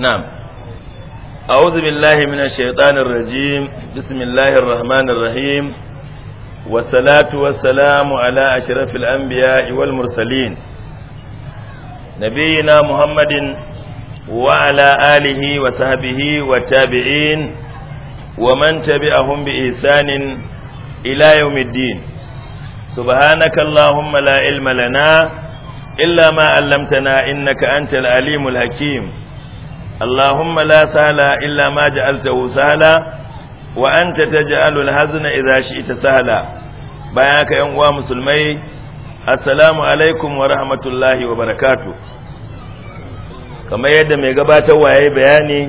na'am a'udhu billahi minash shaitanir rajim bismillahir rahmanir rahim wassalatu wassalamu ala ashrafil anbiya'i mursalin nabiyina muhammadin wa alihi wa sahbihi wa tabi'in ila yawmiddin subhanaka allahumma illa ma 'allamtana innaka antal alimul hakim اللهم لا سهل إلا ما جعلته سهلا وأنت تجعل الهزن إذا شئت سهلا بياك ينقوى مسلمي السلام عليكم ورحمة الله وبركاته كما يدى ميقبات وهي بياني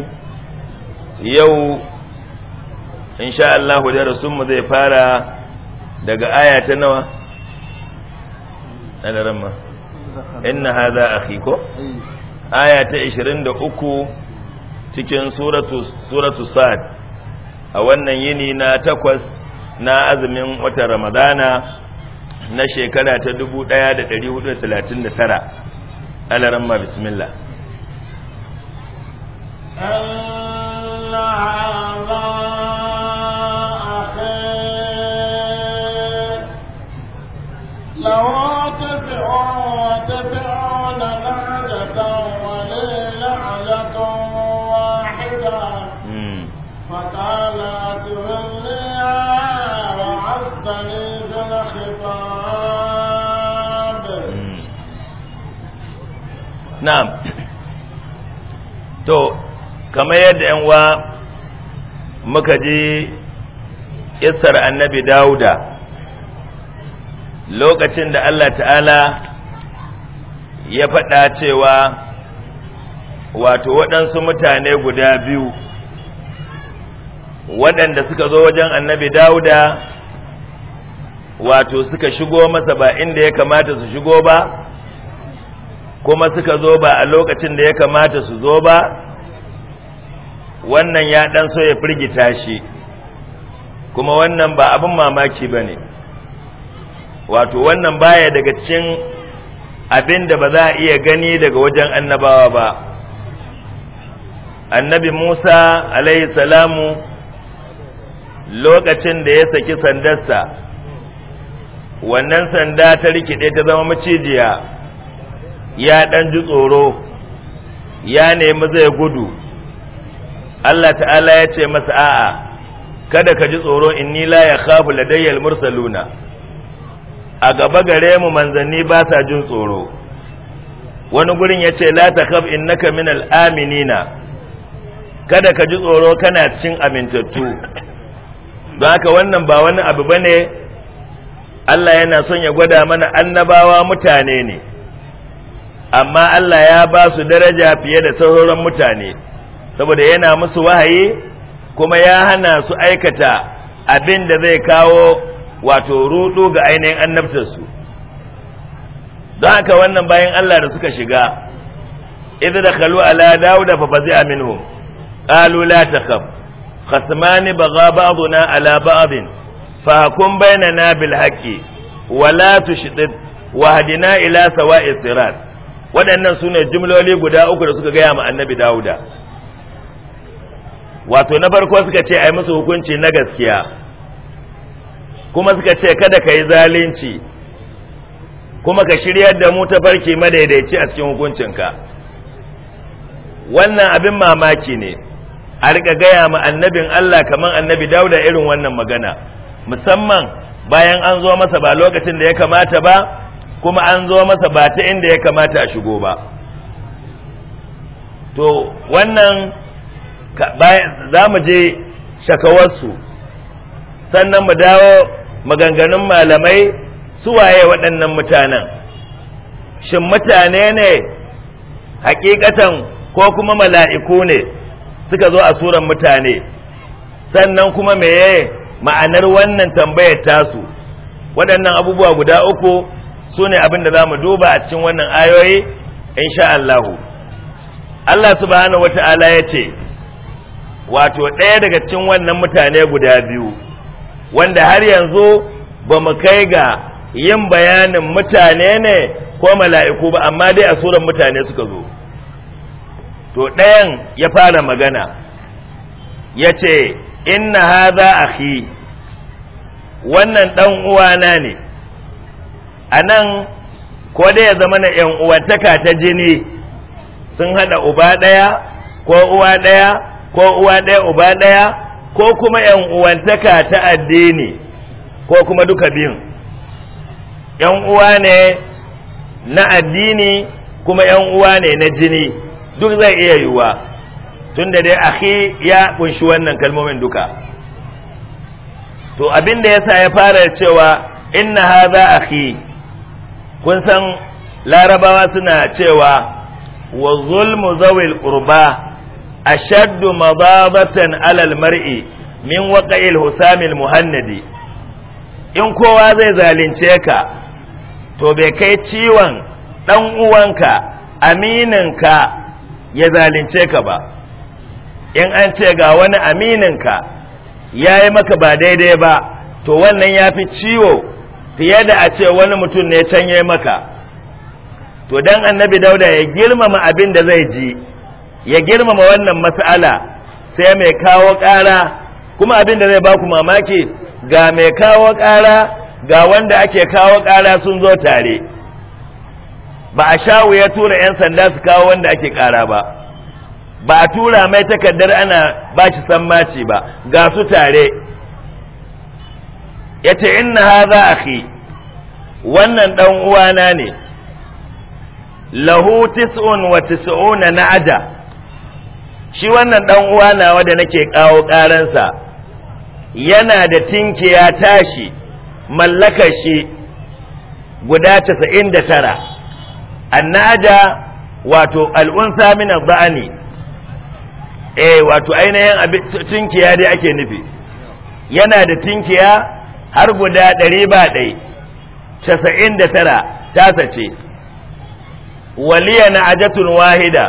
يو إن شاء الله دي رسوم ذي فارا دقى آية نوى أنا رمى إن هذا أخيكم aya ta 23 cikin suratu suratu sad a wannan yini na takwas na azumin watan ramadana na shekara ta 1439 alaramma bismillah Allah لو na'am to kamar yadda yanwa muka ji kissar annabi dauda lokacin da Allah ta'ala ya faɗa cewa wato waɗansu mutane guda biyu waɗanda suka zo wajen annabi dauda wato suka shigo masa ba inda ya kamata su shigo ba kuma suka zo ba a lokacin da ya kamata su zo ba wannan ya ɗan so ya firgita shi kuma wannan ba abin mamaki ba ne wato wannan baya daga cikin abin da ba za a iya gani daga wajen annabawa ba annabi musa alaihi salamu lokacin da ya saki sandarsa wannan sanda ta rikide ta zama macijiya ya ɗan ji tsoro ya nemi zai gudu Allah ta'ala ya ce masa a'a kada ka ji tsoro inni la ya khafu ladayyal mursaluna a gaba gare mu manzanni ba sa jin tsoro wani gurin ya ce la ta khaf innaka minal aminina kada ka ji tsoro kana cikin amintattu don haka wannan ba wani abu ba ne Allah yana son ya gwada mana annabawa mutane ne amma Allah ya ba su daraja fiye da sauran mutane saboda yana musu wahayi kuma ya hana su aikata abin da zai kawo wato rudu ga ainihin annabtarsu don haka wannan bayan Allah da suka shiga idza dakalu ala dawo fa fazi'a minhum qalu la takhaf khasmani bagha ba'duna ala ba'din fa hukum bainana bil haqqi wala wa hadina ila sawa'i sirat waɗannan sune jumloli guda uku da suka gaya ma annabi Dawuda. wato na farko suka ce ai musu hukunci na gaskiya kuma suka ce kada ka yi zalunci kuma ka shiryar da mu tafarki madaidaici a cikin hukuncinka wannan abin mamaki ne a riƙa gaya ma annabin Allah kamar annabi dauda irin wannan magana musamman bayan an zo masa ba lokacin da ya kamata ba kuma an zo masa ba ta inda ya kamata a shigo ba to wannan za mu je shakawarsu sannan mu dawo maganganun malamai suwaye waɗannan mutanen shin mutane ne hakikatan ko kuma mala'iku ne suka zo a suran mutane sannan kuma meye ma'anar wannan tambayar tasu waɗannan abubuwa guda uku su ne abin da za mu duba a cikin wannan ayoyi insha Allahu Allah subhanahu wata'ala ya ce wato ɗaya daga cikin wannan mutane guda biyu wanda har yanzu ba mu kai ga yin bayanin mutane ne ko mala'iku ba amma dai a suran mutane suka zo to ɗayan ya fara magana ya ce inna haza akhi wannan ɗan uwana ne a nan ko dai ya zama na ‘yan uwantaka ta jini sun haɗa uba ɗaya ko uwa ɗaya ko uwa ɗaya uba ɗaya ko kuma ‘yan uwantaka ta addini ko kuma duka biyun ‘yan uwa ne na addini kuma ‘yan uwa ne na jini’ duk zai iya yiwuwa tun da dai akhi ya kunshi wannan kalmomin duka to abin da yasa ya fara cewa inna hadha akhi kun san larabawa suna cewa wa zulmu zawil qurba ashaddu madabatan alal mar'i min waqa'il husamil muhannadi in kowa zai zalunce ka to bai kai ciwon dan uwanka aminin ka. ya zalunce ka ba in an ce ga wani amininka ya yi maka ba daidai ba to wannan ya fi ciwo fiye da a ce wani mutum ne can ya maka to dan annabi dauda ya girmama abin da zai ji ya girmama wannan matsala sai mai kawo ƙara kuma abin da zai baku mamaki ga mai kawo ƙara ga wanda ake kawo ƙara sun zo tare ba a shawo ya tura 'yan sanda su kawo wanda ake ƙara ba ba a tura mai takardar ana ba shi sammaci ba ga su tare ya ce inna haza akhi wannan ɗan uwana ne lahu tis'un wa tis'una ada. shi wannan ɗan uwana wanda nake kawo ƙaransa yana da tinkiya tashi mallakar shi guda tara. annaja wato al'unsa min adhani eh wato ainihin tinkiya dai ake nufi yana da tinkiya har guda ɗari ba ɗai casa'in da tara tasa ce waliya na ajatun wahida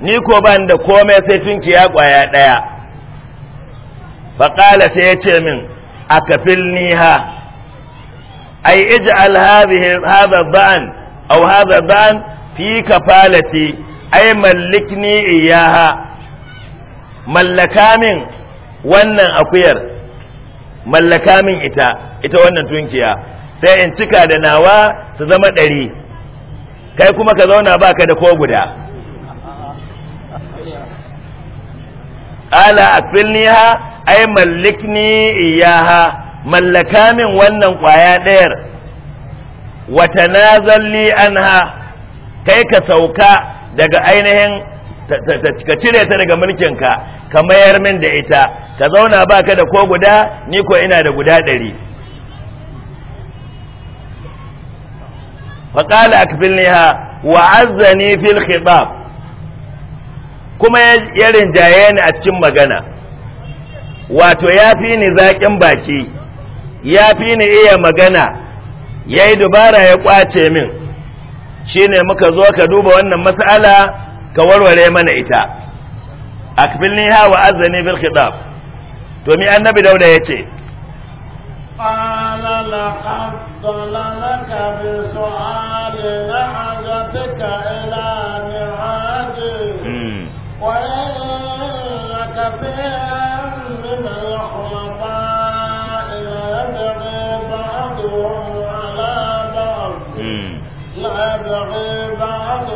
ni ko ban da komai sai tinkiya ƙwaya ɗaya faƙala sai ya ce min a kafin niha ai ij'al hadhihi hadha aw hadha ban fi kafalati ay mallikni iyaha mallaka min wannan akuyar mallaka min ita ita wannan tunkiya sai in cika da nawa su zama ɗari kai kuma ka zauna baka da ko guda ala akfilniha ay mallikni iyaha mallaka min wannan kwaya ɗayar wata nazalli anha kai ka sauka daga ainihin ka cire ta daga mulkin ka ka mayar min da ita ka zauna baka da ko guda ni ko ina da guda ɗari faƙala akfilniha wa azzani fil khitab kuma ya rinjaye ni a cikin magana wato ya fi ni zaƙin baki ya fi ni iya magana ya yi dubara ya kwace min shi ne muka zo ka duba wannan matsala ka warware mana ita a kafin hawa azani bil khidab to mi annabi dauda ya ce قال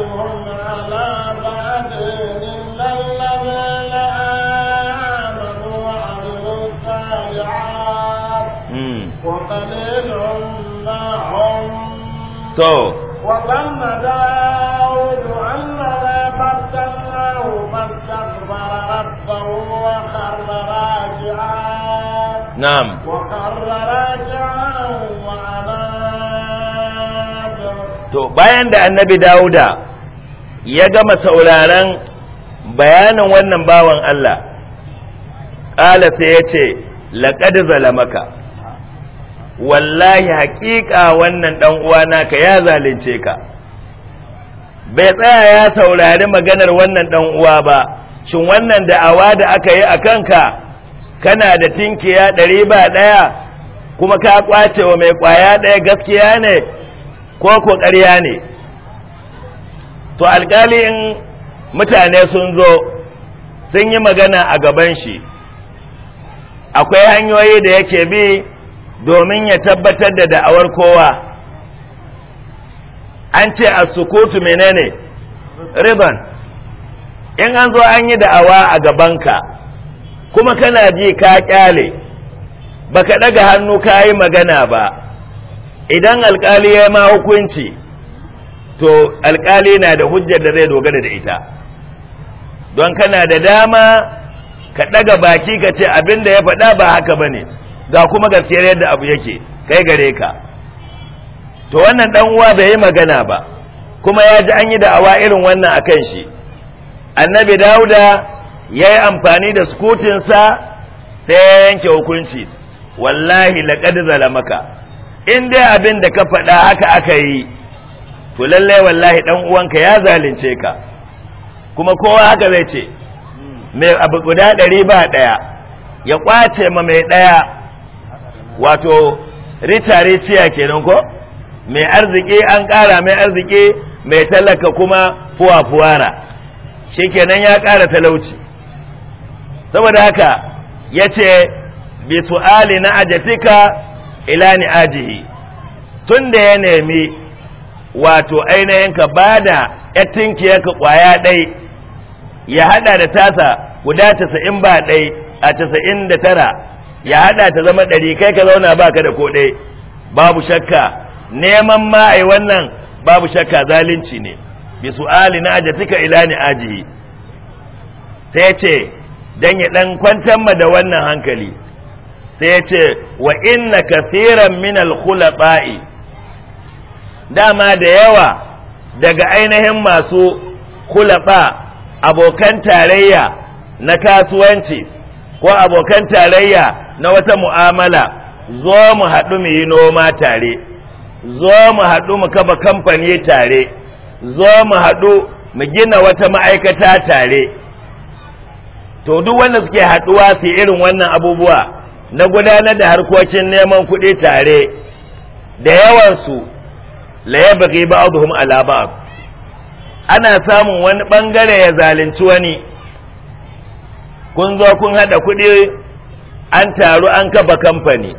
وأذابهم عذاب عدن إلا الذين آمنوا وعملوا الصالحات وقليل ما هم وظن داود أننا فتناه فاستكبر ربه وخر راجعا نعم وخر راجعا وأناب to bayan da annabi dawuda ya gama sauraron bayanin wannan bawan Allah ƙala sai ya ce laƙad zalamaka wallahi haƙiƙa wannan ɗan uwana ka ya zalunce ka bai tsaya ya saurari maganar wannan ɗan uwa ba shin wannan da'awa da aka yi a kanka kana da tinkiya ɗari ba ɗaya kuma ka ƙwace wa mai ƙwaya ɗaya gaskiya ne ko ko ƙarya ne to alƙalin in mutane sun zo sun yi magana a gaban shi akwai hanyoyi da yake bi domin ya tabbatar da da'awar kowa an ce a sukutu menene riban in an zo an yi da'awa a gabanka kuma kana ji ka kyale baka daga hannu ka yi magana ba idan alkali ya ma hukunci to alkali na da hujjar da zai dogara da ita don kana da dama ka ɗaga baki ka ce abin da ya faɗa ba haka ba ne ga kuma gaskiyar yadda abu yake kai gare ka to wannan dan uwa bai yi magana ba kuma ya ji an yi da'awa irin wannan a kan shi annabi dauda ya yi amfani da sukutinsa sai ya yanke hukunci wallahi laƙadu zalamaka in dai abin da ka faɗa haka aka yi to lallai wallahi dan uwanka ya zalunce ka kuma kowa haka zai ce mai abu guda ɗari ba ɗaya ya ƙwace ma mai ɗaya wato ritare ciya kenan ko mai arziki an ƙara mai arziki mai talaka kuma fuwa-fuwara shi kenan ya ƙara talauci saboda haka ya ce bi Ali na ajatika ila ni ajihi tun da ya nemi wato ainihin ka ba da yattinkiyar ka kwaya ɗai ya haɗa da tasa guda casa'in ba ɗai a casa'in da tara ya haɗa ta zama ɗari kai ka zauna ba ka da ko ɗai babu shakka neman ma yi wannan babu shakka zalunci ne bi su'ali na ajatika ila ni ajihi sai ce dan ya dan kwantar ma da wannan hankali sai ce wa inna kaseeran min al-khulafa'i dama da yawa daga ainihin masu kulaɓa abokan tarayya na kasuwanci ko abokan tarayya na wata mu'amala zo mu haɗu mu yi noma tare zo mu haɗu mu kafa kamfani tare zo mu haɗu mu gina wata ma'aikata tare to duk wanda suke haɗuwa su irin wannan abubuwa na gudanar da harkokin neman kuɗi tare da yawansu la yabghi ba ala ba ana samun wani bangare ya zalunci wani kun zo kun hada kuɗi an taru an kafa kamfani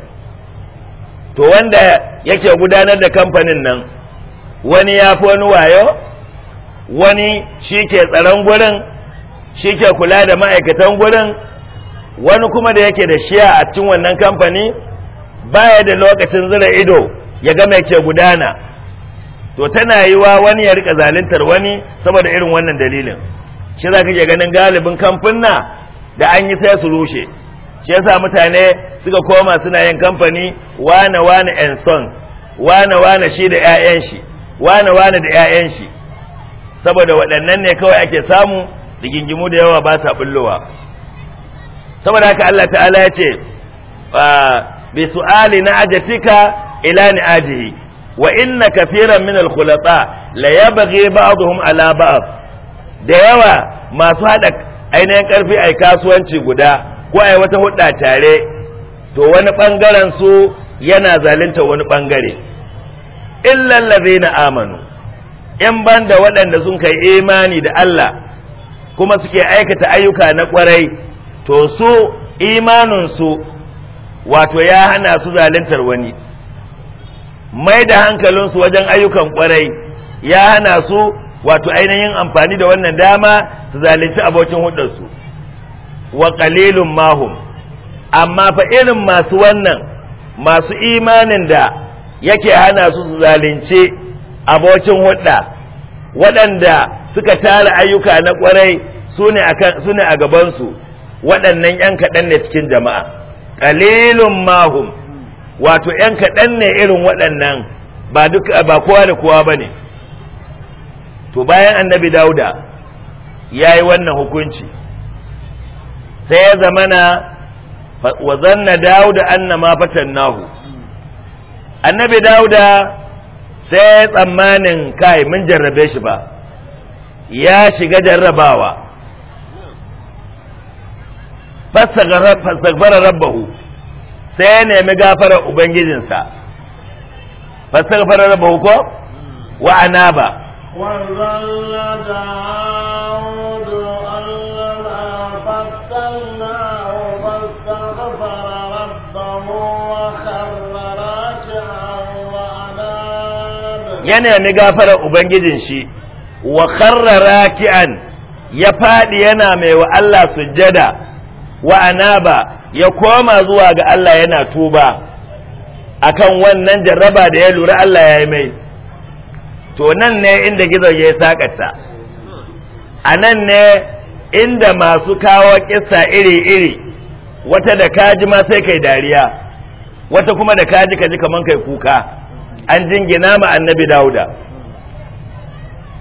to wanda yake gudanar da kamfanin nan wani ya fi wani wayo wani shi ke tsaron gurin shi ke kula da ma'aikatan gurin wani kuma da yake da shiya a cikin wannan kamfani baya da lokacin zira ido ya ga mai ke gudana to tana yi wa wani ya rika zaluntar wani saboda irin wannan dalilin shi za ka ke ganin galibin kamfanna da an yi sai su rushe shi ya sa mutane suka koma suna yin kamfani wane wane en son wane wane shi da 'ya'yan shi wane wane da 'ya'yan shi saboda waɗannan ne kawai ake samu rigingimu da yawa ba sa bullowa saboda haka Allah ta'ala ya ce bi su'ali na ajatika ila ni ajihi wa inna kafiran min al-khulata la yabghi ba'dhum ala ba'd da yawa masu hada ainihin karfi ai kasuwanci guda ko ai wata hudda tare to wani bangaren su yana zalunta wani bangare illa allazina amanu in banda waɗanda sun kai imani da Allah kuma suke aikata ayyuka na kwarai to su imanin su wato ya hana su zaluntar wani mai da hankalinsu wajen ayyukan kwarai ya hana su wato ainihin amfani da wannan dama su zalunci abokin hudarsu wa kalilun mahum amma fa irin masu wannan masu imanin da yake hana su su zalunci abokin hudda waɗanda suka tara ayyuka na kwarai su ne a gabansu waɗannan 'yan kaɗan ne cikin jama'a ƙalilun mahum wato ‘yan kaɗan ne irin waɗannan ba kowa da kowa ba ne to bayan annabi dauda ya yi wannan hukunci sai ya zamana wazan na dauda anna ma fatan nahu annabi dauda sai tsammanin kai mun jarrabe shi ba ya shiga jarrabawa fasta rabbahu sai ya nemi gafarar ubangijinsa fara da bauko wa anaba ya nemi gafarar ubangijin shi wa kharra ki'an ya faɗi yana mai wa Allah sujjada wa anaba ya koma zuwa ga Allah yana tuba akan wannan jarraba da ya lura Allah ya yi mai to nan ne inda gizo ya sakata a nan ne inda masu kawo kissa iri-iri wata da kaji ma sai kai dariya wata kuma da kaji ka kaji kaman kai kuka an jingina ma annabi dauda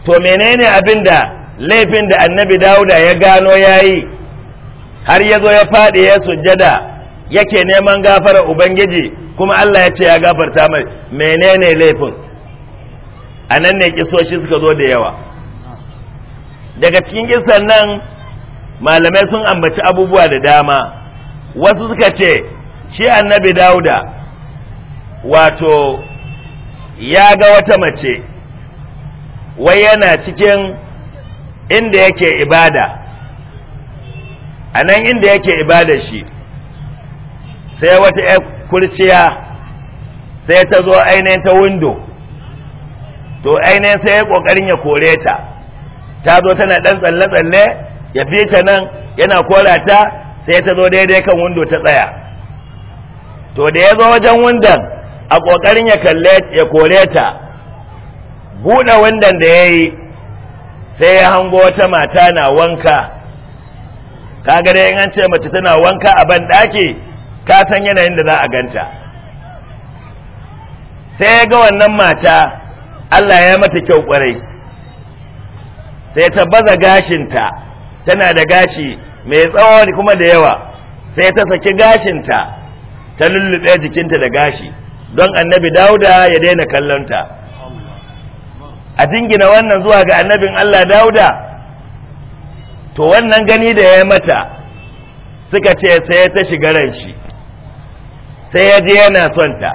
to menene abin da laifin da annabi dauda ya gano yayi har ya zo ya faɗi ya sujjada yake neman gafara ubangiji kuma Allah ya ce ya gafarta mai menene laifin a nan ne kisoshi suka zo da yawa daga cikin kisan nan malamai sun ambaci abubuwa da dama wasu suka ce shi annabi dauda wato ya ga wata mace wai yana cikin inda yake ibada a nan inda yake ibada shi sai wata ‘yar kurciya sai ta zo ainihin ta windo to ainihin sai ya ƙoƙarin ya kore ta ta zo tana ɗan tsalle-tsalle ya fi ta nan yana korata, sai ta zo daidai kan windo ta tsaya to da ya zo wajen windon a ƙoƙarin ya kore ta buɗe windon da ya yi sai ya hango wata mata na wanka kaga dai in an ce mace tana wanka a ban ɗaki ka san yanayin da za a ganta sai ga wannan mata Allah ya mata kyau kwarai sai ta baza gashinta tana da gashi mai tsawo kuma da yawa sai ta saki gashinta ta lullube jikinta da gashi don annabi dauda ya daina kallonta a jingina wannan zuwa ga annabin Allah dauda to wannan gani da ya mata suka ce sai ta shiga ran shi sai ya je yana son ta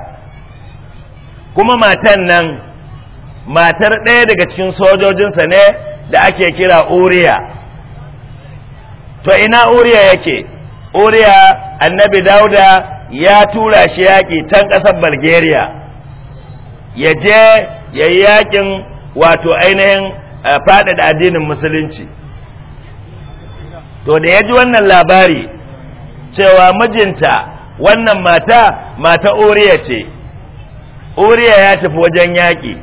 kuma matan nan matar ɗaya daga cikin sojojinsa ne da ake kira uriya to ina uriya yake uriya annabi dauda ya tura shi yaƙi can ƙasar bulgaria ya je ya yi yaƙin wato ainihin eh, faɗaɗa addinin musulunci to da ya ji wannan labari cewa mijinta wannan mata mata uriya ce uriya ya tafi wajen yaƙi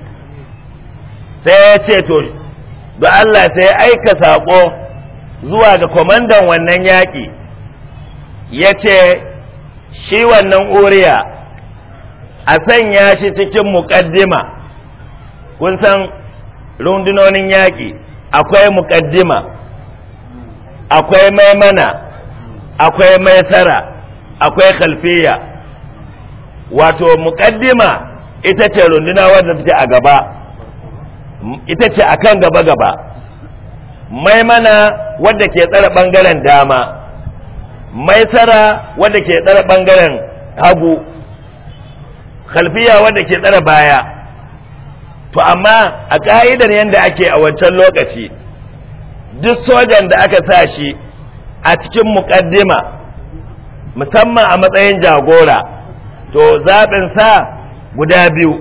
sai ya ce to da Allah sai aika saƙo zuwa ga kwamandan wannan yaƙi ya ce shi wannan uriya a sanya shi cikin muƙaddima kun san rundunonin yaƙi akwai muƙaddima akwai maimana akwai maisara akwai kalfiya wato mukaddima ita ce runduna wadda take a gaba ita ce akan gaba gaba maimana wadda ke tsara bangaren dama maisara wadda ke tsara bangaren hagu kalfiya wadda ke tsara baya to amma a ka'idar yadda ake a wancan lokaci duk sojan da aka sa shi a cikin muƙaddima musamman a matsayin jagora to zaɓin sa guda biyu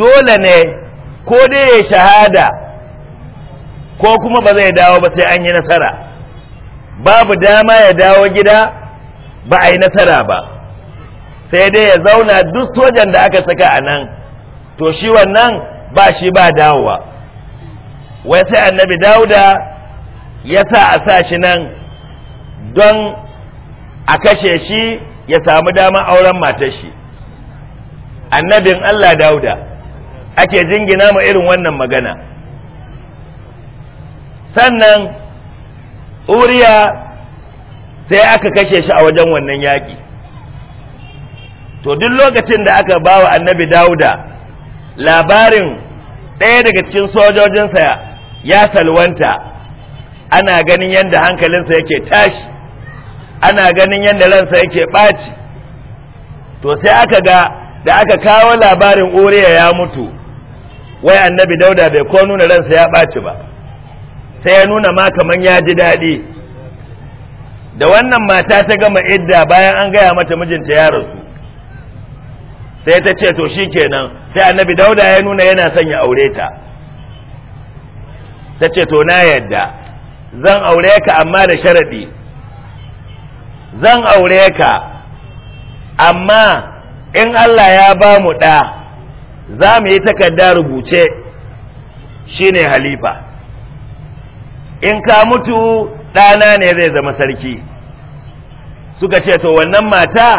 dole ne ko dai ya shahada ko kuma ba zai dawo ba sai an yi nasara babu dama ya dawo gida ba a yi nasara ba sai dai ya zauna duk sojan da aka saka a nan to shi wannan ba shi ba dawowa wai sai annabi dauda ya sa a sa shi nan don a kashe shi ya samu dama auren matar shi annabin allah dauda ake jingina mu irin wannan magana sannan uriya sai aka kashe shi a wajen wannan yaƙi to duk lokacin da aka ba annabi dauda labarin ɗaya daga cikin sojojinsa ya salwanta ana ganin yadda hankalinsa yake tashi ana ganin yadda ransa yake ɓaci to sai aka ga da aka kawo labarin uriya ya mutu wai annabi dauda bai ko nuna ransa ya ɓaci ba sai ya nuna ma kaman ya ji daɗi da wannan mata ta gama idda bayan an gaya mata mijinta ya rasu sai ta ce to shi kenan sai annabi dauda ya nuna yana son ya aure ta ta ce to na yadda zan aure ka amma da sharaɗi zan aure ka amma in Allah ya ba mu ɗa za mu yi takarda rubuce shine halifa in ka mutu ɗana ne zai zama sarki suka ce to wannan mata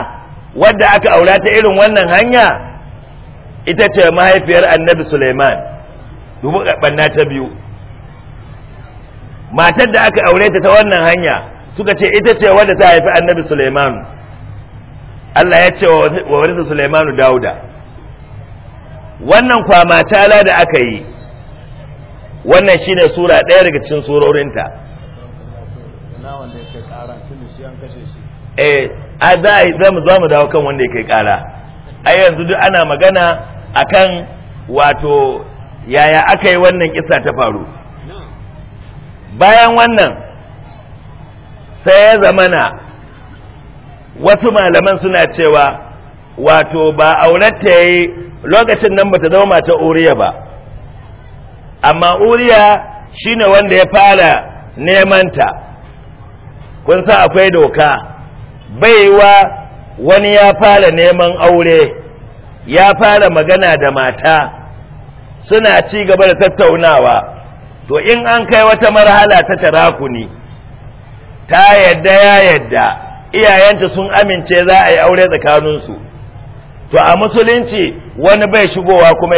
wadda aka aura ta irin wannan hanya ita ce mahaifiyar annabi suleiman dubu ɓanna ta biyu matar da aka aure ta ta wannan hanya suka ce ita ce wadda ta haifi annabi Suleimanu Allah ya ce wa warisa Suleimanu Dauda wannan kwamatala da aka yi wannan shine sura ɗaya daga cikin surorinta eh a za a za mu dawo kan wanda ya kai kara a yanzu duk ana magana akan wato yaya aka yi wannan kisa ta faru bayan wannan sai ya zamana wasu malaman suna cewa wato ba aurata ya yi lokacin nan ta zama mata uriya ba amma uriya shine wanda ya fara nemanta kun sa akwai doka baiwa wani ya fara neman aure ya fara magana da mata suna ci gaba da tattaunawa to in an kai wata marhala ta tarakuni ta yadda ya yadda iyayenta sun amince za a yi aure tsakaninsu to a musulunci wani bai shigowa kuma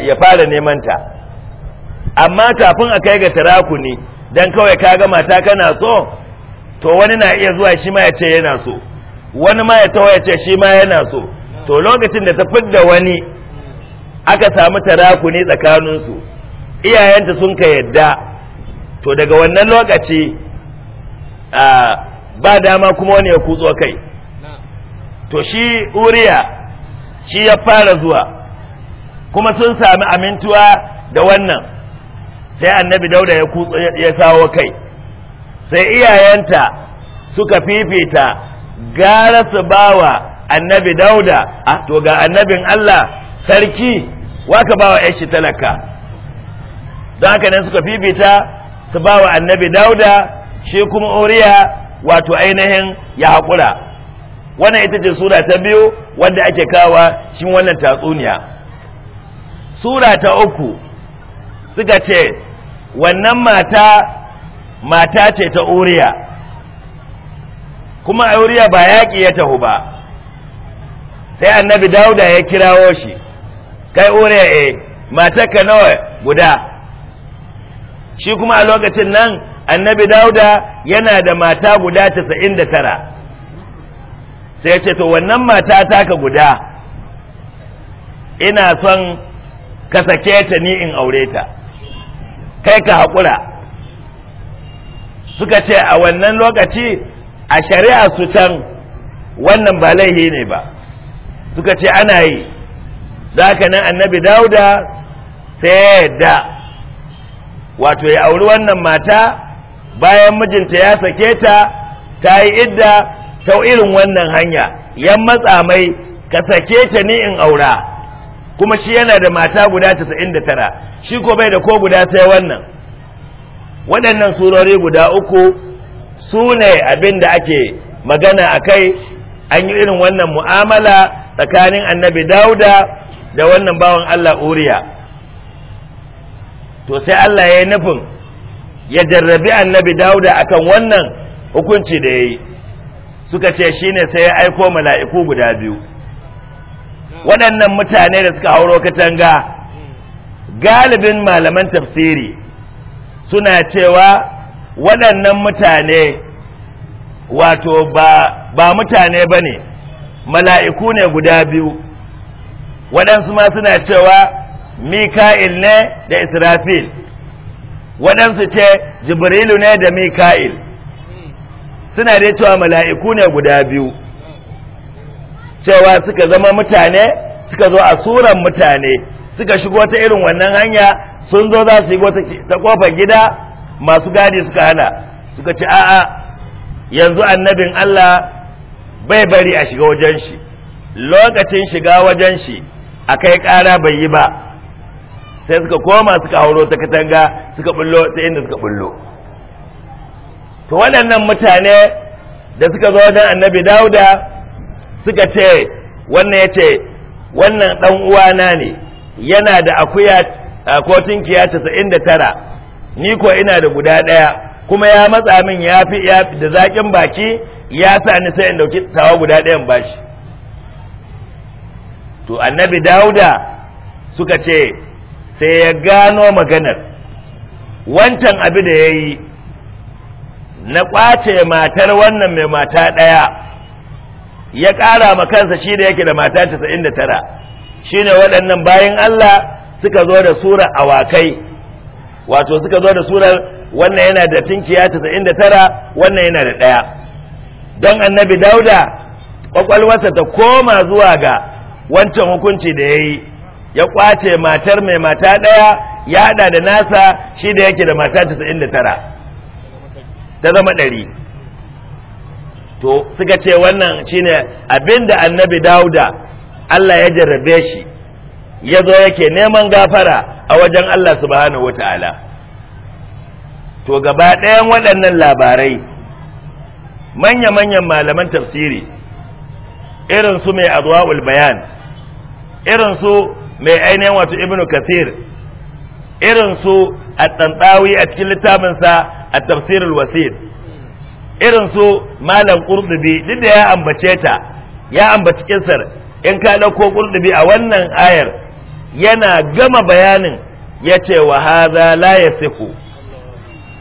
ya fara neman ta amma kafin a kai ga tarakuni don kawai ka ga mata kana so to wani na iya zuwa shi ma ya ce yana so wani ma ya taho ya ce shi ma yana so to lokacin da ta fidda wani aka samu tarakuni tsakaninsu iyayenta sun ka yadda to daga wannan lokaci ba dama kuma wani ya kutso kai to shi uriya shi ya fara zuwa kuma sun sami amintuwa da wannan sai annabi dauda ya kutso ya sawo kai sai iyayenta suka fifita gara su bawa annabi dauda ah, to ga annabin Allah sarki waka bawa shi talaka don haka nan suka fifita su ba wa annabi dauda shi kuma oriya wato ainihin ya haƙura wannan ita ce sura ta biyu wanda ake kawa shi wannan tatsuniya sura ta uku suka ce wannan mata mata ce ta oriya kuma oriya ba yaƙi ya tahu ba sai annabi dauda ya kirawo shi kai oriya eh matarka nawa guda shi kuma a lokacin nan annabi dauda yana da mata guda casa'in da tara sai ce to wannan mata taka guda ina son ka sake ta ni in aure ta kai ka haƙura suka ce a wannan lokaci a shari'a su can wannan ba laihi ne ba suka ce ana yi za ka nan annabi dauda sai da. wato ya auri wannan mata bayan mijinta ya sake ta ta yi idda ta irin wannan hanya yan matsa mai ka sake ta ni in aura kuma shi yana da mata guda casa'in da tara shi ko bai da ko guda sai wannan waɗannan surori guda uku su ne abin da ake magana a kai an yi irin wannan mu'amala tsakanin annabi dauda da wannan bawan allah uriya to sai Allah ya yi nufin ya jarrabi annabi dauda akan wannan hukunci da ya yi suka ce shine sai ya aiko mala'iku guda biyu waɗannan mutane da suka hauro katanga galibin malaman tafsiri suna cewa waɗannan mutane wato ba, ba mutane ba ne mala'iku ne guda biyu waɗansu ma suna cewa mika'il ne da israfil waɗansu ce jibrilu ne da mika'il suna dai cewa mala'iku ne guda biyu cewa suka zama mutane suka zo a suran mutane suka shigo ta irin wannan hanya sun zo za su yi ta kofar gida masu gadi suka hana suka ce a'a yanzu annabin Allah bai bari a shiga wajen shi lokacin shiga wajen shi a kai ƙara bai yi ba sai suka koma suka hauro ta katanga suka bullo ta inda suka bullo to waɗannan mutane da suka zo wajen annabi dauda suka ce wannan ya ce wannan ɗan uwana ne yana da akuya kotun tinkiya casa'in da tara ni ko ina da guda ɗaya kuma ya matsa min ya fi da zaƙin baki ya sa ni sai in ɗauki tawa guda ɗayan bashi to annabi dauda suka ce sai ya gano maganar wancan abu da ya yi na kwace matar wannan mai mata ɗaya ya ƙara ma kansa shi da yake da mata casa'in da tara shi ne waɗannan bayan Allah suka zo da sura awakai wato suka zo da surar wannan yana da tinkiya casa'in da tara wannan yana da ɗaya don annabi dauda ƙwaƙwalwarsa ta koma zuwa ga wancan hukunci da ya yi ya kwace matar mai mata ɗaya ya haɗa da nasa shi da yake da mata 99 ta zama ɗari to suka ce wannan shine abinda annabi dauda Allah ya jarrabe shi ya zo yake neman gafara a wajen Allah subhanahu wata'ala to gaba ɗayan waɗannan labarai manya-manyan malaman tafsiri irin su mai azwa'ul bayan irin su mai ainihin wato ibnu kasir irinsu a ɗanɗawi a cikin littafinsa a tafsirin wasid irinsu malam ƙurɗubi duk da ya ambace ta ya ambaci kisar in ka ɗauko ƙurɗubi a wannan ayar yana gama bayanin ya ce wa haza la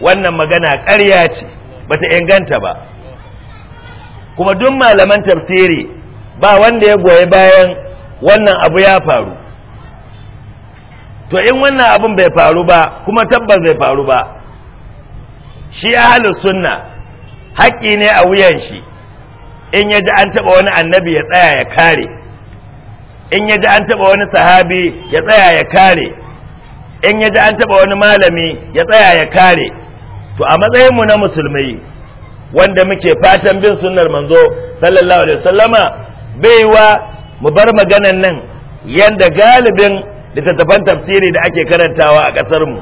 wannan magana ƙarya ce ba ta inganta ba kuma duk malaman tafsiri ba wanda ya goyi bayan wannan abu ya faru to in wannan abin bai faru ba kuma tabbas bai faru ba shi ahlus sunna haƙƙi ne a wuyan shi in ya ji an taɓa wani annabi ya tsaya ya kare in ya ji an taɓa wani sahabi ya tsaya ya kare in ya ji an taɓa wani malami ya tsaya ya kare to a matsayin mu na musulmai wanda muke fatan bin sunnar manzo sallallahu alaihi wasallama baiwa mu bar maganan nan yanda galibin littattafan tafsiri da ake karantawa a ƙasar mu,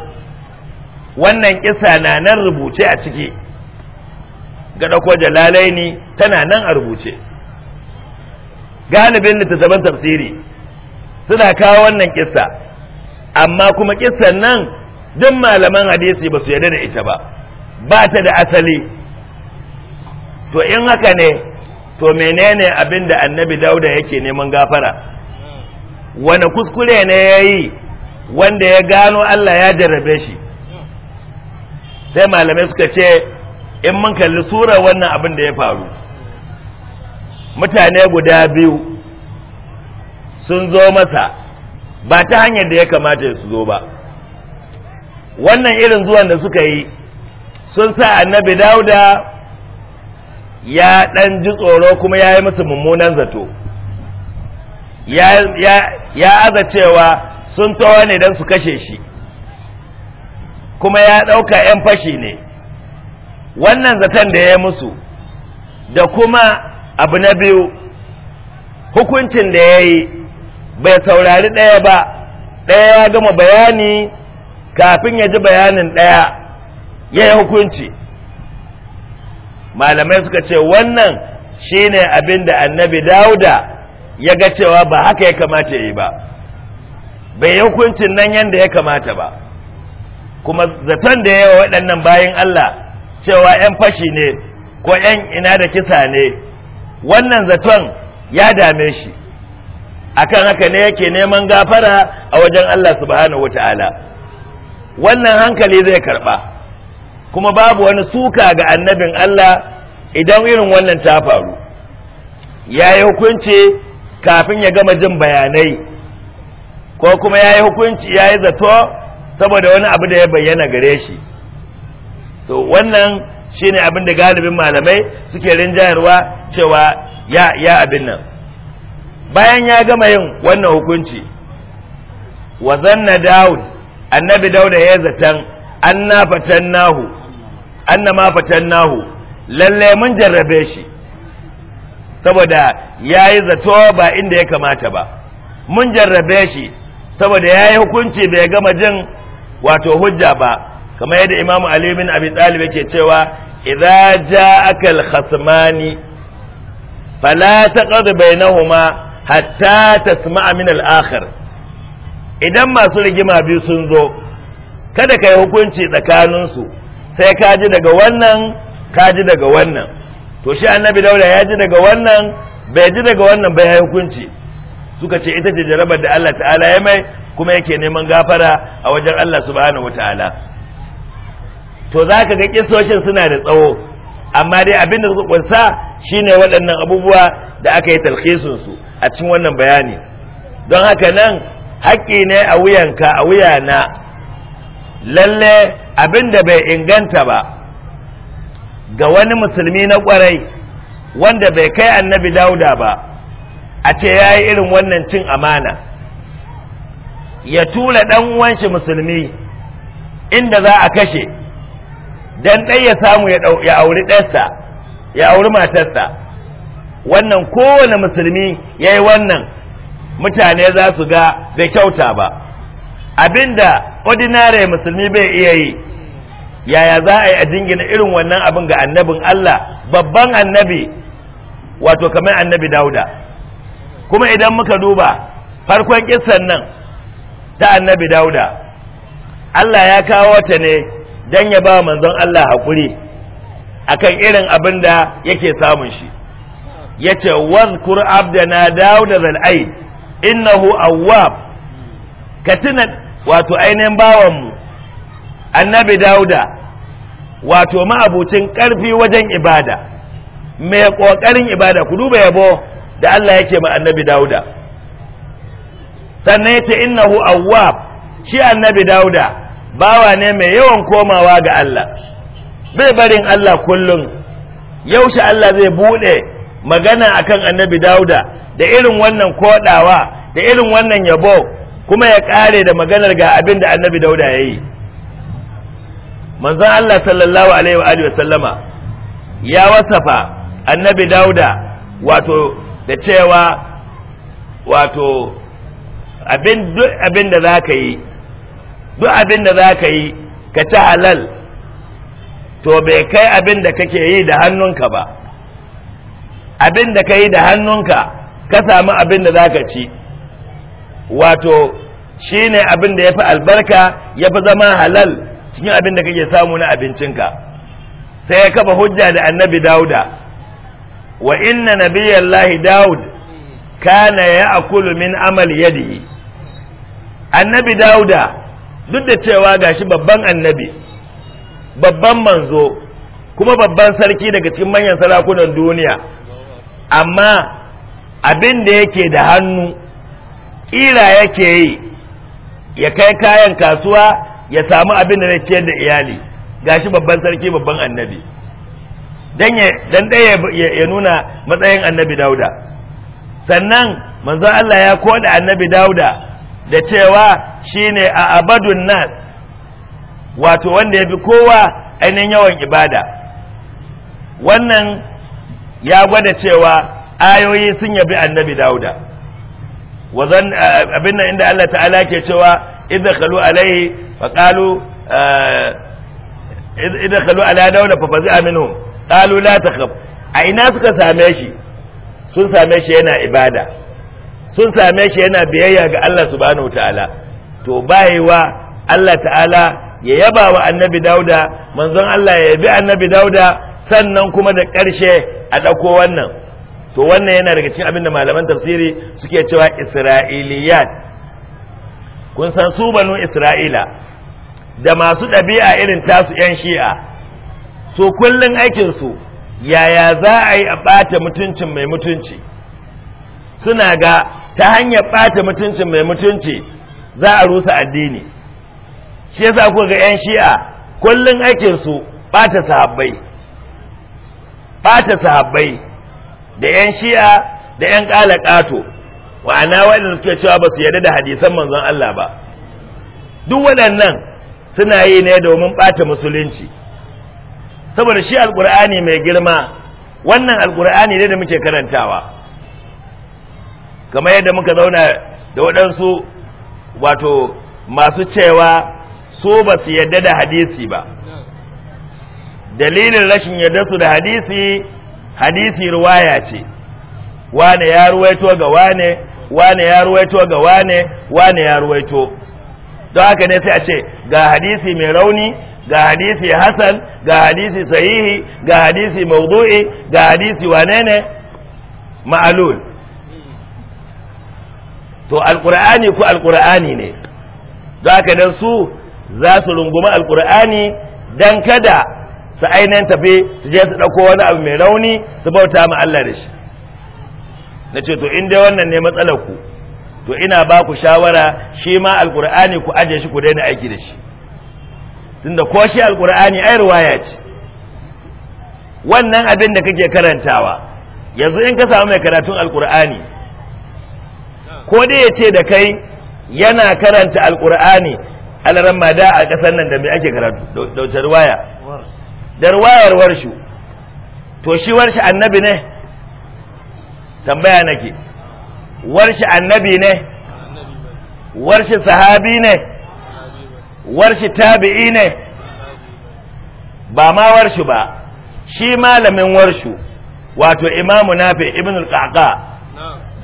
wannan kisa na nan rubuce a ciki ga ɗauko jalalaini tana nan a rubuce galibin littattafan tafsiri suna kawo wannan kisa amma kuma kisan nan duk malaman hadisi ba su yarda da ita ba ba ta da asali to in haka ne to menene abinda annabi dauda yake neman gafara wani kuskure ne ya yi wanda ya gano Allah ya jarrabe shi sai malamai suka ce in mun kalli sura wannan abin da ya faru mutane guda biyu sun zo masa ba ta hanyar da ya kamata su zo ba wannan irin zuwan da suka yi sun sa annabi dauda ya ɗan ji tsoro kuma ya yi musu mummunan zato ya aza cewa sun tawa ne don su kashe shi kuma ya ɗauka 'yan fashi ne wannan zaton da ya musu da kuma abu na biyu hukuncin da ya yi bai saurari ɗaya ba ɗaya ya gama bayani kafin ya ji bayanin ɗaya ya yi hukunci malamai suka ce wannan shine abin da annabi dauda ya ga cewa ba haka ya kamata ya yi ba bai yi hukuncin nan yadda ya kamata ba kuma zaton da ya yi wa waɗannan bayan Allah cewa 'yan fashi ne ko 'yan ina da kisa ne wannan zaton ya dame shi akan haka ne yake neman gafara a wajen Allah subhanahu wata'ala wannan hankali zai karɓa. kuma babu wani suka ga annabin Allah idan irin wannan ta faru ya yi hukunci kafin ya gama jin bayanai ko kuma ya yi hukunci ya yi zato saboda wani abu da ya bayyana gare shi to wannan shi ne abin da galibin malamai suke rinjayarwa cewa ya, abin nan bayan ya gama yin wannan hukunci wa zanna daud annabi dauda ya zaton anna fatannahu annama ma fatannahu lalle mun jarrabe shi saboda ya yi zato ba inda ya kamata ba mun jarrabe shi saboda ya yi hukunci bai gama jin wato hujja ba kamar yadda imamu ali bin abi talib yake cewa idza ja'aka al-khasmani fala na huma hatta ta min amin al'akhir idan masu rigima biyu sun zo kada ka yi hukunci tsakaninsu sai kaji daga wannan kaji daga wannan to shi annabi dauda ya ji daga wannan bai ji daga wannan bai hukunci suka ce ita ce jarabar da Allah ta'ala ya mai kuma yake neman gafara a wajen Allah subhanahu wataala to zaka ga kisoshin suna da tsawo amma dai abin da suka kunsa shine waɗannan abubuwa da aka yi talhisin su a cikin wannan bayani don haka nan haƙƙi ne a wuyanka a wuyana lalle abin da bai inganta ba ga wani musulmi na kwarai wanda bai kai annabi dauda ba a ce ya yi irin wannan cin amana ya tura ɗan uwanshi musulmi inda za a kashe don ɗai ya samu ya auri ya auri matarsa wannan kowane musulmi ya yi wannan mutane za su ga bai kyauta ba abinda ordinary musulmi bai iya yi yaya za a yi a jingina irin wannan abin ga annabin Allah babban annabi wato kamar annabi dauda kuma idan muka duba farkon kissan nan ta annabi dauda Allah ya kawo ta ne don ya ba manzon Allah haƙuri a kan irin abin da yake samun shi ya ce wazkur abdana dauda zal'ai innahu awwab ka tuna wato ainihin bawanmu annabi dauda wato ma'abucin ƙarfi wajen ibada mai ƙoƙarin ibada ku duba yabo da Allah yake ma annabi dauda sannan yace innahu awwab shi annabi dauda bawa ne mai yawan komawa ga Allah bai barin Allah kullum yaushe Allah zai bude magana akan annabi dauda da irin wannan kodawa da irin wannan yabo kuma ya kare da maganar ga abin da annabi dauda ya yi manzon Allah sallallahu alaihi wa alihi sallama ya wasafa annabi dauda wato da cewa wato abin duk abin da za ka yi duk abin da za ka yi ka ci halal to bai kai abin da kake yi da hannunka ba abin da ka yi da hannunka ka samu abin da za ka ci wato shi ne abin da ya fi albarka ya fi zama halal cikin abin da kake samu na abincinka sai ya kafa hujja da annabi dauda wa inna nabiyallahi daud kana akulu min amal yadihi annabi dauda duk da cewa gashi babban annabi babban manzo kuma babban sarki daga cikin manyan sarakunan duniya amma abin da yake da hannu ƙira yake yi ya kai kayan kasuwa ya samu abin da zai ciyar da iyali gashi babban sarki babban annabi dan ya dan ɗaya ya nuna matsayin annabi dauda sannan manzo Allah ya koda annabi dauda da cewa shine a abadun nas wato wanda ya bi kowa ainihin yawan ibada wannan ya gwada cewa ayoyi sun yabi annabi dauda wazan abin nan inda Allah ta'ala ke cewa idza khalu alaihi فقالوا اذا ala على دوله fazi aminu قالوا لا تخف a ina suka same shi sun same shi yana ibada sun same shi yana biyayya ga Allah subhanahu wataala to bayewa Allah ta'ala ya yaba wa annabi dauda manzon Allah ya yabi annabi dauda sannan kuma da ƙarshe a ɗauko wannan to wannan yana daga cikin abinda malaman tafsiri suke cewa isra'iliyat kun san su banu isra'ila da masu ɗabi'a irin tasu 'yan shi'a so kullum aikinsu yaya za a yi a ɓata mutuncin mai mutunci suna ga ta hanyar ɓata mutuncin mai mutunci za a rusa addini shi yasa ku ga 'yan shi'a kullum aikinsu ɓata sahabbai ɓata sahabbai da 'yan shi'a da 'yan ƙato wa'ana waɗanda suke cewa ba su yarda da hadisan manzon Allah ba duk waɗannan suna yi ne domin ɓata musulunci saboda shi alkur'ani mai girma wannan alkur'ani ne da muke karantawa kamar yadda muka zauna da waɗansu wato masu cewa su ba su yadda da hadisi ba dalilin rashin yadda su da hadisi hadisi ruwaya ce wane ya ruwaito ga wane wane ya ruwaito ga wane wane ya ruwaito don haka ne sai a ce ga hadisi mai rauni ga hadisi hasan ga hadisi sahihi ga hadisi maudu'i ga hadisi wane ne ma'alul to alkur'ani ku alkur'ani ne don haka su za su rungumi alkur'ani dan kada su ainihin tafi su je su ɗauko wani abu mai rauni su bauta ma Allah da shi na ce to in dai wannan ne matsalar ku to ina ba ku shawara shi ma alkur'ani ku aje shi ku daina aiki da shi tunda ko shi alkur'ani ai ruwaya ce wannan abin da kake karantawa yanzu in ka samu mai karatun alkur'ani ko dai ya ce da kai yana karanta alkur'ani alaran da a ƙasar nan da mai ake karatu da ruwaya da ruwayar warshu to shi warshi annabi ne tambaya nake warshi annabi ne warshi sahabi ne warshi tabi'i ne ba ma warshi ba shi malamin warshu wato imamu nafi ibn al-qaqa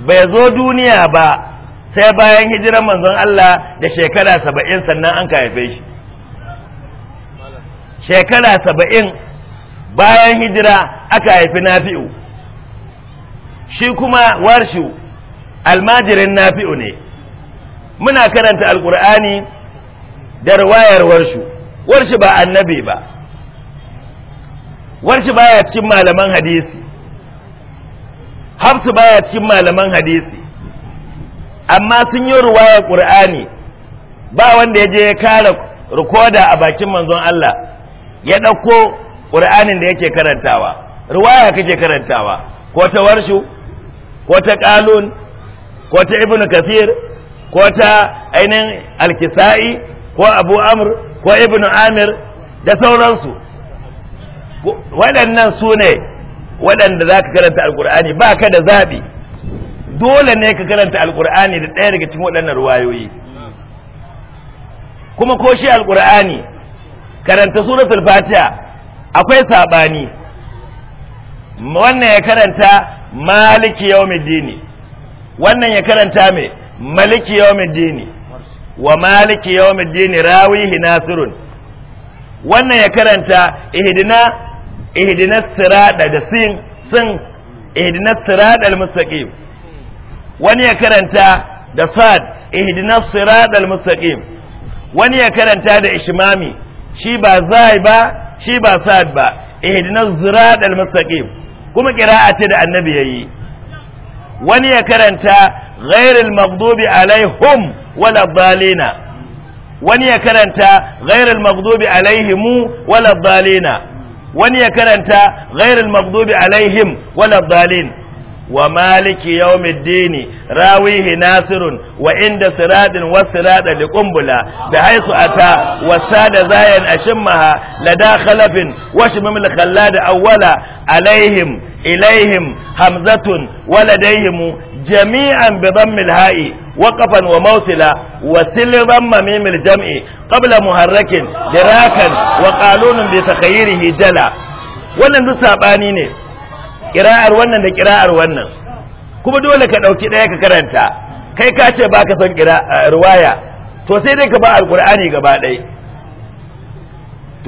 bai zo duniya ba sai bayan hijiran manzon Allah da shekara saba'in sannan an haife shi shekara saba'in bayan hijira aka haifi nafi'u shi kuma warshi. almajirin nafi'u ne muna karanta alkur'ani da ruwayar warshu Warshi ba annabi ba warshi baya cikin malaman hadisi hafsu baya cikin malaman hadisi amma sun yi ruwayar qur'ani ba wanda ya je ya kare rikoda a bakin manzon Allah ya ɗauko ƙur'anin da yake karantawa ruwaya kake karantawa ko ta warshu ko ta ƙalun ko ta ibn kafir ko ta ainihin alkisa'i ko abu amr ko ibn amir da sauransu waɗannan su ne waɗanda za ka karanta alkur'ani ba ka da zaɓi dole ne ka karanta alkur'ani da ɗaya daga cikin waɗannan ruwayoyi kuma ko shi alkur'ani karanta suratul fatiha akwai saɓani wannan ya karanta maliki yawmiddini wannan ya karanta me maliki dini wa maliki dini rawihi nasirun wannan ya karanta ihdina ihdina sirada da sin sin ihdina sirada almustaqim wani ya karanta da sad ihdina sirada almustaqim wani ya karanta da ishmami shi ba zai ba shi ba sad ba ihdina sirada almustaqim kuma qira'a ce da annabi yayi wani ya karanta ghairil maghdubi alaihim wala dalina wani ya karanta ghairil maghdubi alaihimu wala dalina wani ya karanta ghairil maghdubi alaihim wala dalin wa maliki yawmiddin rawihi nasirun wa inda siradin wa sirada liqumbula da haisu ata wa sada zayan ashimmaha lada khalafin wa shimamil khallad awwala alaihim ilaihim hamzatun Waladaihimu, jami'an bi dhammil ha'i waqafan wa mawsila wa silban jam'i qabla muharrakin dirakan wa qalunun bi takhayyirihi jala wannan duk sabani ne kira'ar wannan da kira'ar wannan kuma dole ka ɗauki ɗaya ka karanta kai ka ce baka son riwaya to sai dai ka ba alqur'ani gaba ɗaya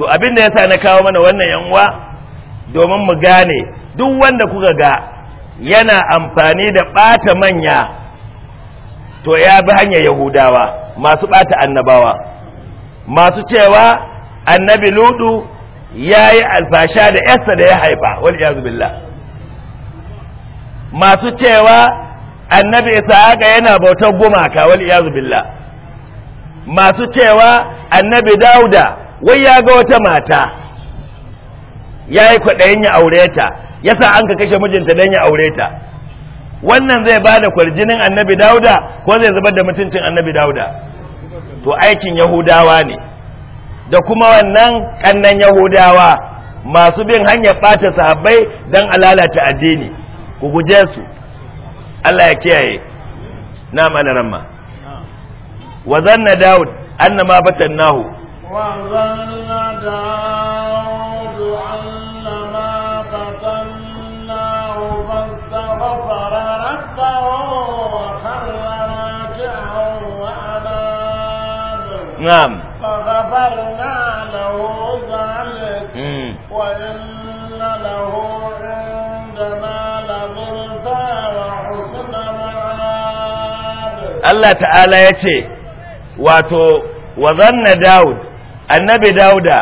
to abin da yasa na kawo mana wannan yan uwa domin mu gane duk wanda kuka ga yana amfani da ɓata manya to ya bi hanyar yahudawa masu ɓata annabawa masu cewa annabi ludu ya yi alfasha da yasta da ya haifa wal billah masu cewa annabi isa'aka yana bautar gumaka wal billah masu cewa annabi dauda wai ya ga wata mata ya yi kwaɗayin ya aure ta ya sa an ka kashe mijinta don ya aure ta wannan zai ba da kwarjinin annabi dauda ko zai zubar da mutuncin annabi dauda to aikin yahudawa ne da kuma wannan kannan yahudawa masu bin hanyar ɓata sahabbai don alalata addini ku guje su allah ya kiyaye na mana ramma wa zanna daud annama batannahu wa zanna dawud نعم فغفرنا له ذلك وإن له عندنا لزلفى وحسن مراد الله تعالى يتي واتو وظن داود annabi dauda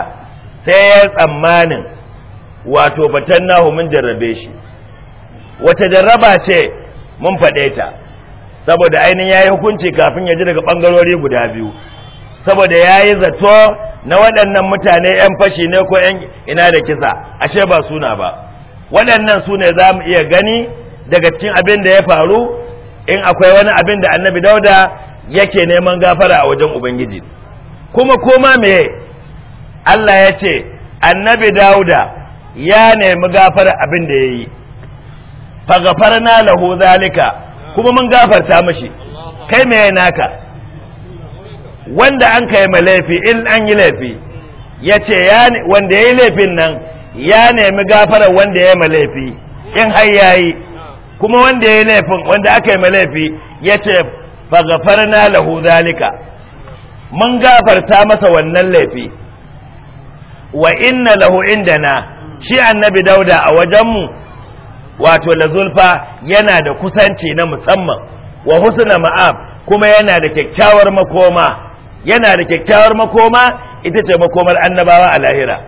sai ya tsammanin wato batannahu mun jarrabe shi wace jaraba ce mun faɗe ta saboda ainihin ya yi hukunci kafin ya ji daga ɓangarori guda biyu saboda ya yi zato na waɗannan mutane 'yan fashi ne ko 'yan ina da kisa ashe ba suna ba waɗannan su ne za mu iya gani daga cikin abin da ya faru in akwai wani abin da annabi dauda yake neman gafara a wajen ubangiji kuma koma me allah ya ce annabi dauda ya nemi gafara abin da ya yi fagafarna lahu zalika kuma mun gafarta mashi kai me yana ka wanda an kai ma laifi in an yi laifi ya ce wanda ya yi laifin nan ya nemi gafarar wanda ya yi ma laifi in har ya yi kuma wanda ya yi laifin wanda aka yi ma laifi ya ce na lahu zalika mun gafarta masa wannan laifi wa inna lahu indana shi annabi dauda a wajenmu wato la zulfa yana da kusanci na musamman wa husna ma'ab kuma yana da kyakkyawar makoma yana da kyakkyawar makoma ita ce makomar annabawa a lahira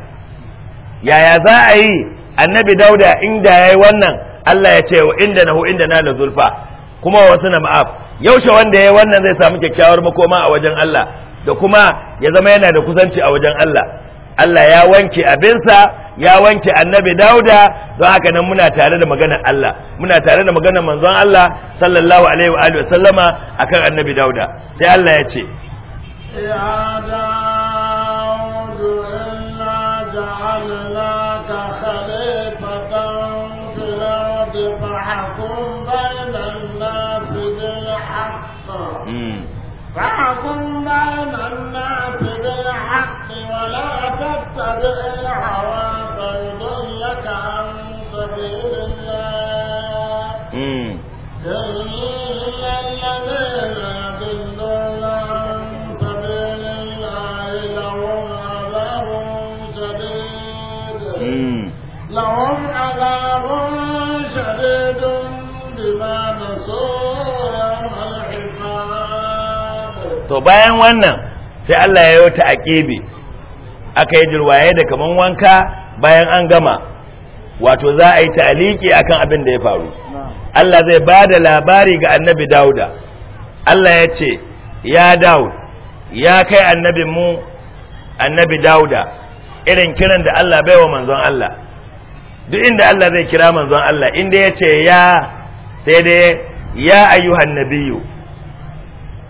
yaya za a yi annabi dauda inda yayi wannan Allah ya ce wa inda nahu inda na la zulfa kuma wa husna ma'ab yaushe wanda yayi wannan zai samu kyakkyawar makoma a wajen Allah da kuma ya zama yana da kusanci a wajen Allah Allah ya wanke abinsa ya wanke annabi dauda don haka nan muna tare da maganar Allah muna tare da maganar manzon Allah sallallahu alaihi wa alihi sallama akan annabi dauda sai Allah ya ce ya daudu inna الحق ولا تتبع الهوى فيضلك عن سبيل الله إن الذين يضلون عن سبيل الله لهم عذاب شديد لهم عذاب شديد بما نسوا يوم الحساب. To bayan wannan sai Allah ya yi ta a kebe aka yi jirwaye da kaman wanka bayan an gama wato za a yi ta'aliki akan abin da ya faru Allah zai ba da labari ga annabi Dauda Allah ya ce ya Daud ya kai annabin mu annabi Dauda irin kiran da Allah bai wa manzon Allah duk inda Allah zai kira manzon Allah inda ya ce ya sai dai ya ayyuhan nabiyu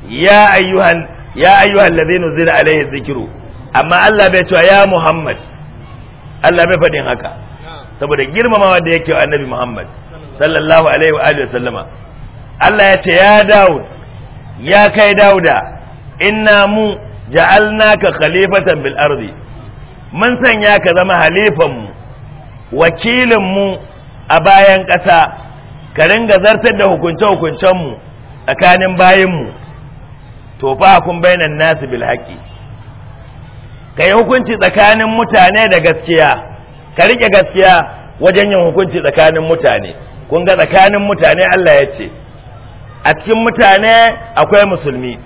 ya ayyuhan ya ayyuhal ladzina zira alaihi dhikru amma Allah bai cewa ya Muhammad Allah bai faɗin haka saboda girmamawa da yake wa annabi Muhammad sallallahu alaihi wa alihi sallama Allah ya ce ya Dawud ya kai Dawuda inna mu ja'alnaka khalifatan bil ardi mun sanya ka zama halifan mu wakilin mu a bayan ƙasa ka ringa zartar da hukunce-hukuncen mu tsakanin bayin mu to fa kun bainan nasu bil Ka kai hukunci tsakanin mutane da gaskiya ka rike gaskiya wajen yin hukunci tsakanin mutane kun ga tsakanin mutane Allah ya ce a cikin mutane akwai musulmi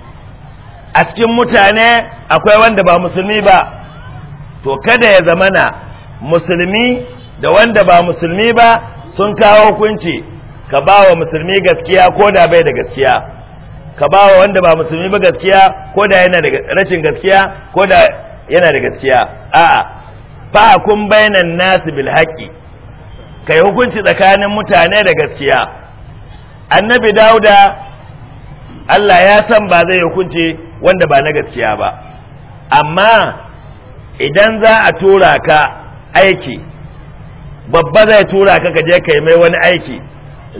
a cikin mutane akwai wanda ba musulmi ba to kada ya zamana musulmi da wanda ba musulmi ba sun kawo hukunci ka ba wa musulmi gaskiya ko da bai da gaskiya ka ba wa wanda ba musulmi ba gaskiya ko da yana da rashin gaskiya ko da yana da gaskiya a'a fa kun bainan nasu bil haqi kai hukunci tsakanin mutane da gaskiya annabi dauda Allah ya san ba zai hukunci wanda ba na gaskiya ba amma idan za a tura ka aiki babba zai tura ka ka je kai mai wani aiki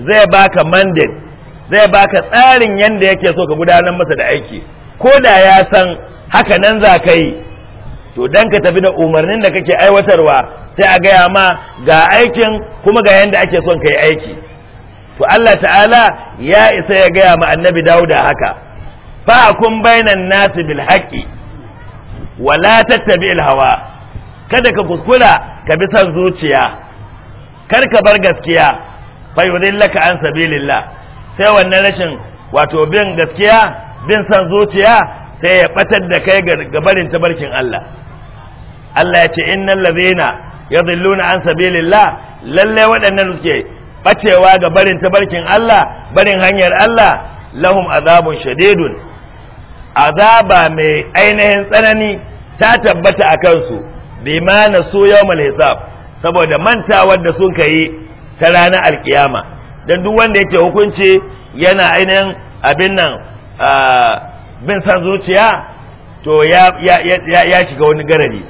zai baka mandate zai baka tsarin yanda yake so ka gudanar masa da aiki ko da ya san haka nan za ka yi to dan ka tafi da umarnin da kake aiwatarwa sai a gaya ma ga aikin kuma ga yanda ake son ka yi aiki to Allah ta'ala ya isa ya gaya ma annabi dauda haka fa kun bainan nasi bil haqqi wa la al hawa kada ka kuskura ka bi san zuciya kar ka bar gaskiya fa yudillaka an sabilillah sai wannan rashin wato bin gaskiya bin san zuciya sai ya batar da kai ga barin tabarkin Allah Allah ya ce innal ya yadhilluna an sabilillah lalle waɗannan suke bacewa ga barin tabarkin Allah barin hanyar Allah lahum azabun shadidun azaba mai ainihin tsanani ta tabbata a kansu bima nasu yawmal hisab saboda mantawar da sun kai ta ranar alkiyama dan duk wanda yake hukunci yana ainihin abin nan bin san zuciya to ya shiga wani garari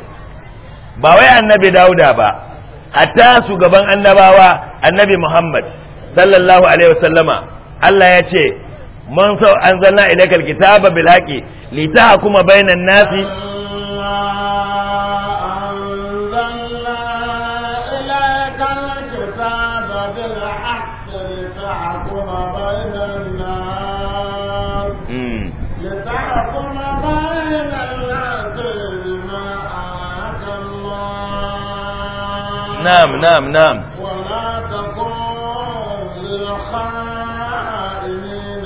ba wai annabi dauda ba hatta shugaban annabawa annabi muhammad sallallahu alaihi wasallama allah ya ce mun sau an zanna ilaikar kitaba bil haqi kuma bainan nasi نعم نعم نعم ولا تكن للخائنين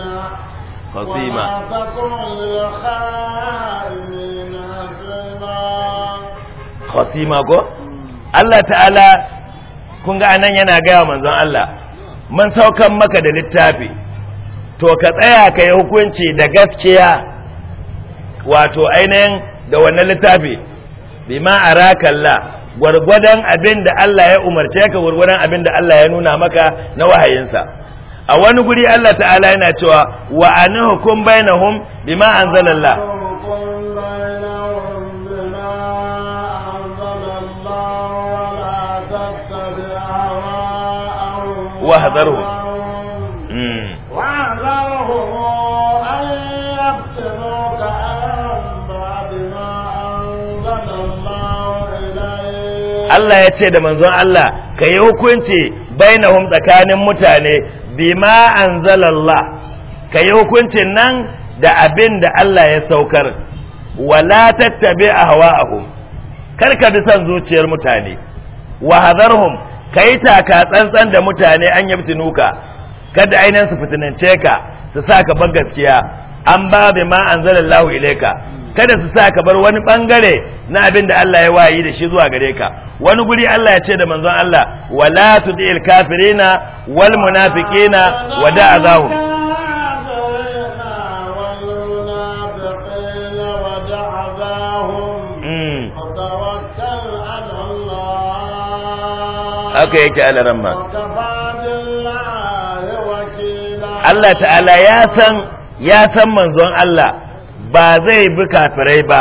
خصيما ولا Allah ta'ala kunga ga anan yana gaya manzon Allah man saukan maka da littafi to ka tsaya ka yi hukunci da gaskiya wato ainihin da wannan littafi bima arakalla gwargwadon abin da Allah ya umarce ka gwargwadon abin da Allah ya nuna maka na wahayinsa a wani guri Allah ta'ala yana cewa wa anhukum bainahum bima anzalallah hadaruhum Allah ya ce da manzon Allah ka yi hukunci hum tsakanin mutane bima anzalallah ka yi hukuncin nan da abin da Allah ya saukar wala tattabi ahwa'ahum kar ka bi son zuciyar mutane wa hadarhum kai taka tsantsan da mutane an nuka kada ainihin su fitinance ka su sa ka bar gaskiya an ba bi ma anzalallahu ilaika kada su sa ka bar wani bangare na abin da Allah ya wayi da shi zuwa gare ka wani guri Allah ya ce da manzon Allah wala tudil kafirina wal munafiqina wa da'azahum hmm. Aka yake alaran ramma. Allah ta'ala ya san ya san manzon Allah ba zai bi kafirai ba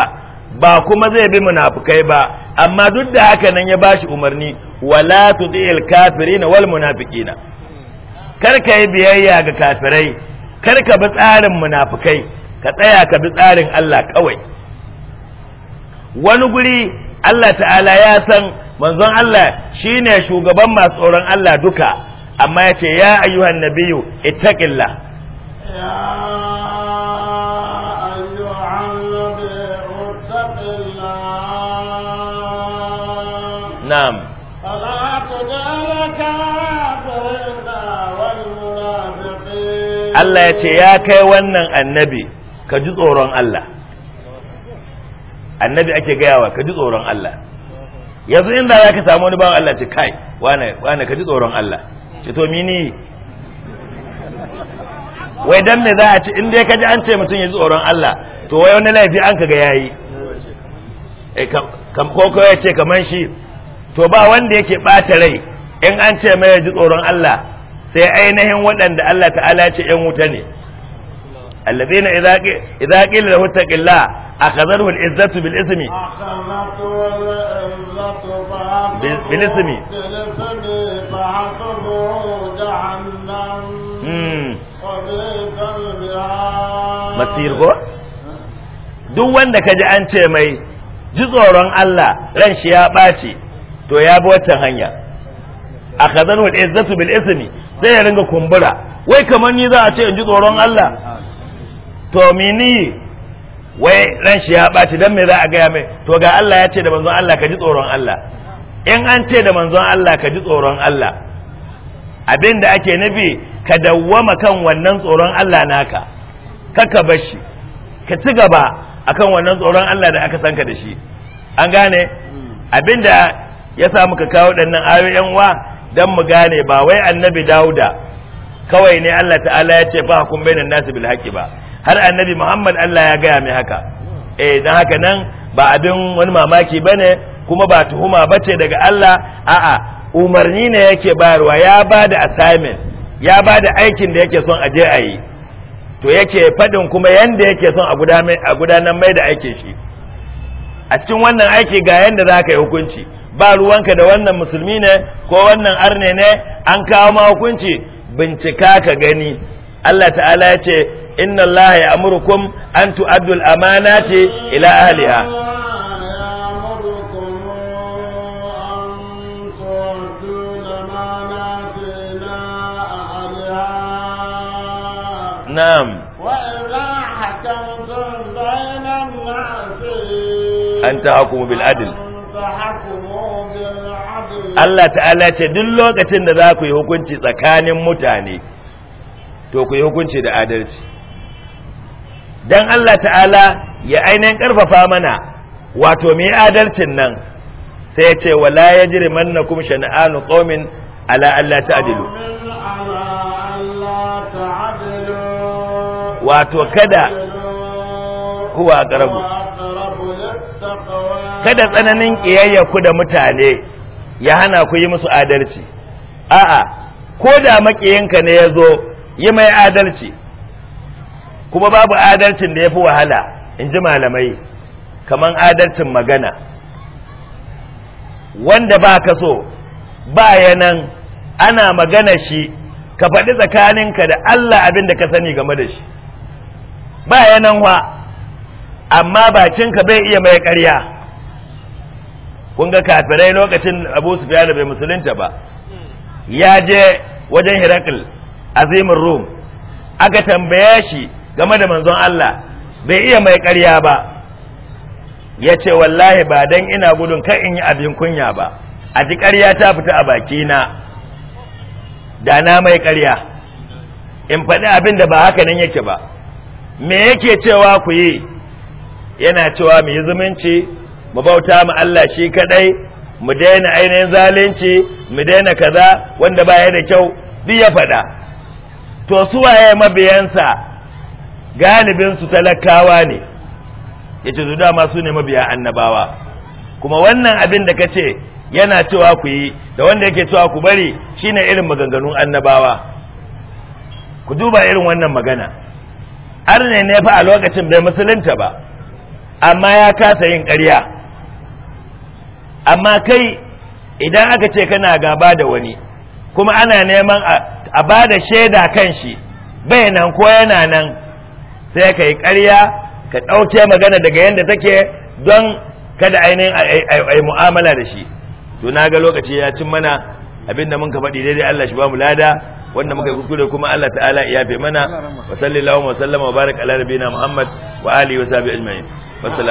ba kuma zai bi munafukai ba amma duk da haka nan ya bashi umarni wala tudil kafirina wal munafiqina kar ka yi biyayya ga kafirai kar ka bi tsarin munafikai ka tsaya ka bi tsarin Allah kawai wani guri Allah ta'ala ya san manzon Allah shine shugaban masu tsoron Allah duka amma ya ce ya ayyuhan nabiyyu ittaqillah نعم Allah ya ce ya kai wannan annabi ka ji tsoron Allah annabi ake gayawa ka ji tsoron Allah yanzu inda za ka samu wani bawan Allah ce kai wane wane ka ji tsoron Allah ce to mini wai dan me za a ce in dai ka ji an ce mutum ya ji tsoron Allah to wai wani laifi an ka ga yayi eh ko ko ya ce kaman shi to ba wanda yake ɓata rai in an ce mai ji tsoron Allah sai ainihin waɗanda Allah ta'ala ce ‘yan wuta ne allazina idza qila lahu taqilla akhadhahu al-izzatu bil ismi bil ismi hmm. masir ko duk wanda kaji an ce mai ji tsoron Allah ran shi ya ɓaci to ya bi waccan hanya a kazan wa izzatu bil ismi sai ya ringa kumbura wai kamar ni za a ce in ji tsoron Allah to mini wai ran shi ya ɓaci dan me za a gaya mai to ga Allah ya ce da manzon Allah ka ji tsoron Allah in an ce da manzon Allah ka ji tsoron Allah abin da ake nufi ka dawwama kan wannan tsoron Allah naka kaka bashi ka ci gaba akan wannan tsoron Allah da aka sanka da shi an gane hmm. abin da. ya sa muka kawo ɗannan ayoyin wa don mu gane ba wai annabi dauda kawai ne Allah ta'ala ya ce fa hukum bainan nasu bil haqi ba har annabi Muhammad Allah ya gaya mai haka eh dan haka nan ba abin wani mamaki bane kuma ba tuhuma bace daga Allah a'a umarni ne yake bayarwa ya bada assignment ya bada aikin da yake son a je a yi to yake fadin kuma yanda yake son a gudanar mai da aikin shi a cikin wannan aiki ga yanda za ka yi hukunci ba ruwanka da wannan musulmi ne ko wannan arne ne an kawo ma hukunci bincika ka gani Allah ta'ala ya ce inna Allah ya amurkum an tu'addu al-amanati ila ahliha نعم وإذا حكمتم بين الناس أن تحكموا بالعدل Allah ta'ala ce duk lokacin da za ku yi hukunci tsakanin mutane to ku yi hukunci da adalci don Allah ta'ala ya ainihin karfafa mana wato mai adalcin nan sai ya ce wala ya jiri manna kuma shana'anu ƙomin ala Allah ta'adilu wato kada kuwa a kada tsananin ƙiyayya ku da mutane ya hana ku yi musu adalci a'a ko da maƙiyinka ne ya zo yi mai adalci kuma babu adalcin da ya fi wahala in ji malamai kaman adalcin magana wanda ba ka so nan ana magana shi ka faɗi tsakaninka da Allah abin da ka sani game da shi yanan wa amma bakinka bai iya mai ƙarya kun ga kafirai lokacin abu su bai musulunta ba ya je wajen hirakl azimin rum aka tambaye shi game da manzon Allah bai iya mai ƙarya ba ya ce wallahi ba dan ina gudun kan in yi abin kunya ba a ji ƙarya ta fita a bakina da na mai ƙarya in faɗi abin da ba haka nan yake ba me yake cewa ku yi yana cewa mu yi zumunci mu bauta mu Allah shi kadai mu daina ainihin zalunci mu daina kaza wanda baya da kyau duk ya faɗa to su waye mabiyansa galibin su talakawa ne yace to dama su ne mabiya annabawa kuma wannan abin da kace yana cewa ku yi da wanda yake cewa ku bari shine irin maganganun annabawa ku duba irin wannan magana arne ne fa a lokacin bai musulunta ba amma ya kasa yin ƙarya amma kai idan aka ce kana gaba da wani kuma ana neman a ba da shaida kan shi bai nan ko yana nan sai ka yi ƙarya ka ɗauke magana daga yadda take don kada ainihin a yi mu'amala da shi to na ga lokaci ya cin mana abinda mun ka faɗi daidai Allah shi ba mu lada wanda muka yi kuskure kuma Allah ta'ala ya fi mana wa sallallahu wa sallama wa barik ala nabiyina Muhammad wa alihi wa sahbihi ajma'in